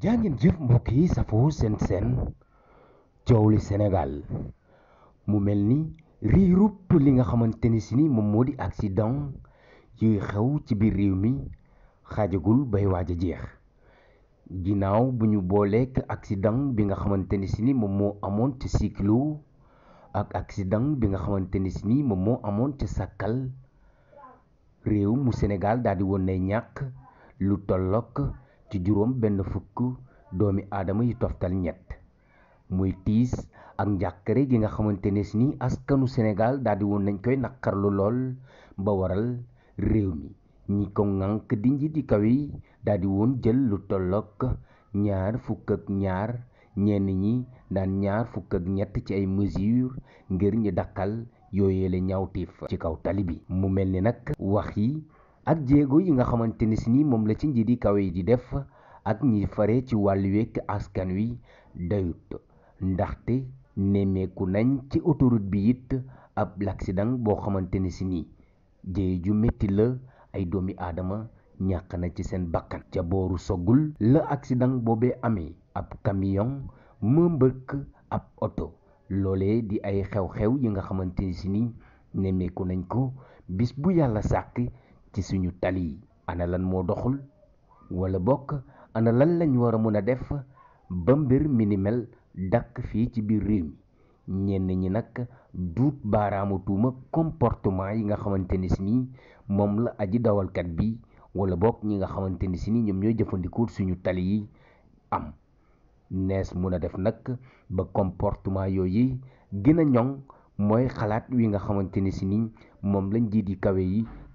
jangin ngeen mbokki mbokk sen sen seen Jowli senegal mu melni ni riirup li nga xamanteni sini mom modi accident yuy xew ci bir rew mi xajagul bay waja jeex ginaaw buñu bolé ak accident bi nga xamanteni sini mom mo amone ci cyclo ak accident bi nga xamanteni sini mom mo amone ci sakal rew mu senegal daal di woon lu tollook ci juróom benn fukk doomi aadama yi toftal ñett muy tiis ak njàkkare gi nga xamante ne ni askanu Sénégal daal di woon nañ koy naqarlu lool ba waral réew mi ñi ko ŋànk di nji di kaw yi daal di woon jël lu tollook ñaar fukk ak ñaar ñenn ñi daan ñaar fukk ak ñett ci ay mesures ngir ñu dakkal yooyee ñaw ñaawteef ci kaw tali bi mu mel ni nag wax yi ak jéego yi nga xamante ni si ni moom la ci njiit yi kawe yi di def ak ñi fare ci wàllu wekk askan wi dayut ndaxte nemmeeku nañ ci autoroute bi it ab l'accident boo xamante ni si nii jéy ju metti la ay doomi aadama ñàkk na ci seen bakkan ca booru sogul la accident boobee amee ab camion ma ab oto loolee di ay xew-xew yi nga xamante ne si nii nemmeeku nañ ko bis bu yàlla sàkk ci suñu tali ana lan mo doxul wala bok ana lan lañ wara mëna def ba mbir mi dak fi ci bir réew ñenn ñi nak duut baramu tuma comportement yi nga xamante ni mom la aji kat bi wala bok ñi nga xamante ni ñom ñoy jëfëndiko suñu tali yi am Nes mun def nak ba comportement yoy yi a ñong moy xalaat wi nga xamante ni mom lañ yi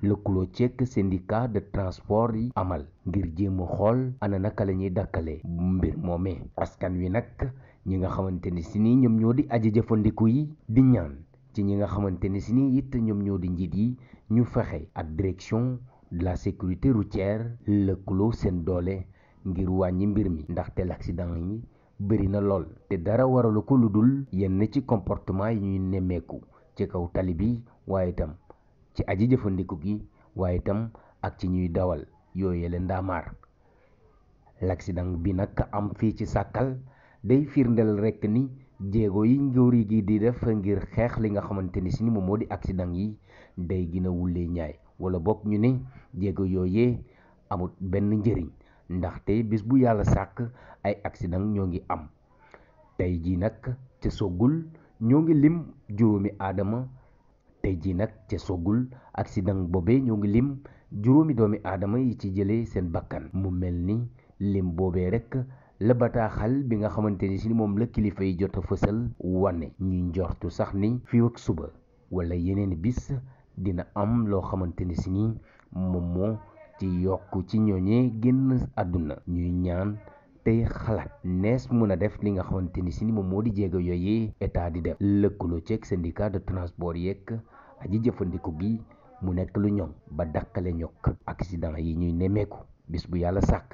lëkkaloo ceek syndicat de transport yi amal ngir jéem a xool ana naka la ñuy dakkalee mbir moomee askan wi nag ñi nga xamante ni si nii ñoom ñoo di aji jëfandiku yi di ñaan ci ñi nga xamante ni si nii it ñoom ñoo di njiit yi ñu fexe ak direction de la sécurité routière lëkkaloo seen doole ngir wàññi mbir mi ndaxte l'accident yi bëri na lool te dara waralu ko lu dul yenn ci comportement yi ñuy nemmeeku ci kaw tali bi waaye itam ci aji jëfandiku gi waaye itam ak ci ñuy dawal yooyu leen ndaamaar l'accident bi nag am fii ci sàkkal day firndeel rekk ni jéego yi njóor yi gi di def ngir xeex li nga xamante ni si ni moo di accident yi day gën a ñaay wala bokk ñu ne jéego yooyee amut benn njëriñ ndaxte bis bu yàlla sàkk ay accident ñoo ngi am tey jii nag ca Sogul ñoo ngi lim juróomi aadama tey jii nag ca sogul accident boobee ñu ngi lim juróomi doomi aadama yi ci jëlee seen bakkan mu mel lim boobee rek la bataaxal bi nga xamante ni si moom la kilifa yi jot a fësal wane ñuy njortu sax ni fii ak suba wala yeneen bis dina am loo xamante ni si ni moom moo ci yokku ci ñooñee génn àdduna ñuy ñaan tey xalaat nees mën a def li nga xamante ni si ni moom moo di jéego état di def lëkkaloo ceeg syndicat de transport yeeg aji jëfandiku gi mu nekk lu ñoom ba dàqale ñokk accident yi ñuy nemmeeku bis bu yàlla sàkk